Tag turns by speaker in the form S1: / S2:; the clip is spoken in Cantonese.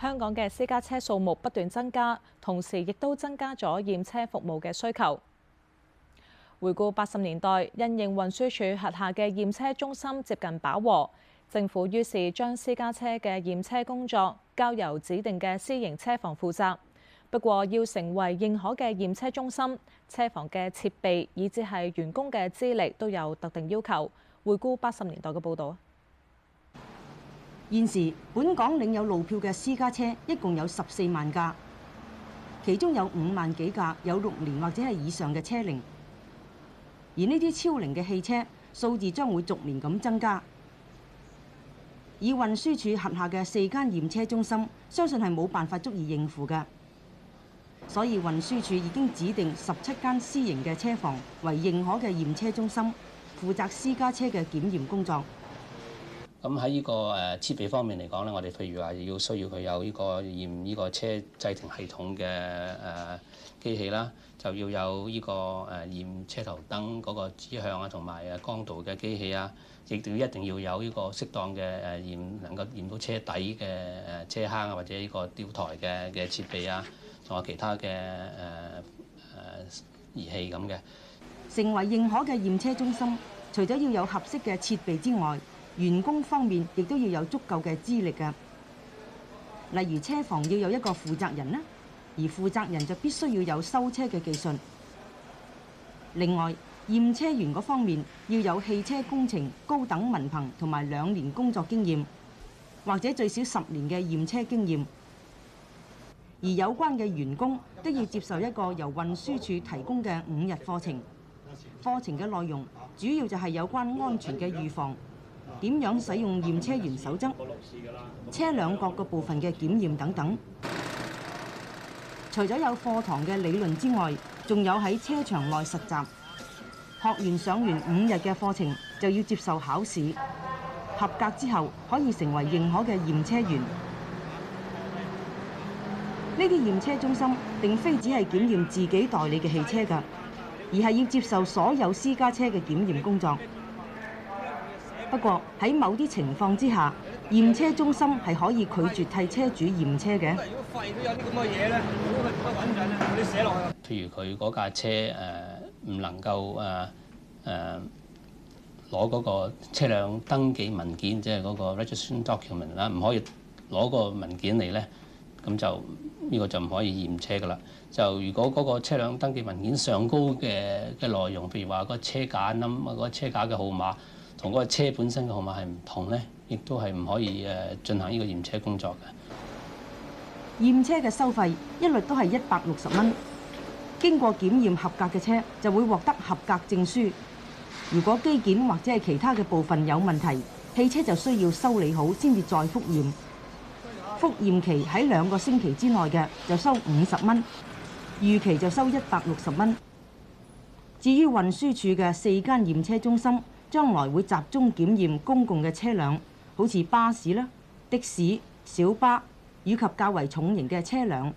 S1: 香港嘅私家車數目不斷增加，同時亦都增加咗驗車服務嘅需求。回顧八十年代，因應運輸署轄下嘅驗車中心接近飽和，政府於是將私家車嘅驗車工作交由指定嘅私營車房負責。不過，要成為認可嘅驗車中心，車房嘅設備以至係員工嘅資歷都有特定要求。回顧八十年代嘅報導。
S2: 現時，本港領有路票嘅私家車一共有十四萬架，其中有五萬幾架有六年或者係以上嘅車齡，而呢啲超齡嘅汽車數字將會逐年咁增加。以運輸署轄下嘅四間驗車中心，相信係冇辦法足以應付嘅。所以運輸署已經指定十七間私營嘅車房為認可嘅驗車中心，負責私家車嘅檢驗工作。
S3: 咁喺呢個誒設備方面嚟講咧，我哋譬如話要需要佢有呢個驗呢個車制停系統嘅誒機器啦，就要有呢個誒驗車頭燈嗰個指向啊，同埋光度嘅機器啊，亦都一定要有呢個適當嘅誒驗能夠驗到車底嘅誒車坑啊，或者呢個吊台嘅嘅設備啊，仲有其他嘅誒誒儀器咁嘅，
S2: 成為認可嘅驗車中心，除咗要有合適嘅設備之外，員工方面亦都要有足夠嘅資歷嘅，例如車房要有一個負責人，而負責人就必須要有修車嘅技術。另外，驗車員嗰方面要有汽車工程高等文憑同埋兩年工作經驗，或者最少十年嘅驗車經驗。而有關嘅員工都要接受一個由運輸署提供嘅五日課程，課程嘅內容主要就係有關安全嘅預防。點樣使用驗車員守則？車輛各個部分嘅檢驗等等。除咗有課堂嘅理論之外，仲有喺車場內實習。學完上完五日嘅課程，就要接受考試。合格之後，可以成為認可嘅驗車員。呢啲驗車中心並非只係檢驗自己代理嘅汽車㗎，而係要接受所有私家車嘅檢驗工作。不過喺某啲情況之下，的驗車中心係可以拒絕替車主驗車嘅。如果
S3: 發現有啲咁嘅嘢咧，如果佢唔得穩陣咧，我哋寫落去。譬如佢嗰架車誒唔、呃、能夠誒誒攞嗰個車輛登記文件，即係嗰個 registration document 啦，唔可以攞個文件嚟咧，咁就呢個就唔可以驗車噶啦。就如果嗰個車輛登記文件上高嘅嘅內容，譬如話個車架 number，個車架嘅號碼，同嗰個車本身嘅號碼係唔同呢，亦都係唔可以誒進行呢個驗車工作嘅。
S2: 驗車嘅收費一律都係一百六十蚊。經過檢驗合格嘅車就會獲得合格證書。如果機件或者係其他嘅部分有問題，汽車就需要修理好先至再復驗。復驗期喺兩個星期之內嘅就收五十蚊，逾期就收一百六十蚊。至於運輸署嘅四間驗車中心。將來會集中檢驗公共嘅車輛，好似巴士啦、的士、小巴，以及較為重型嘅車輛。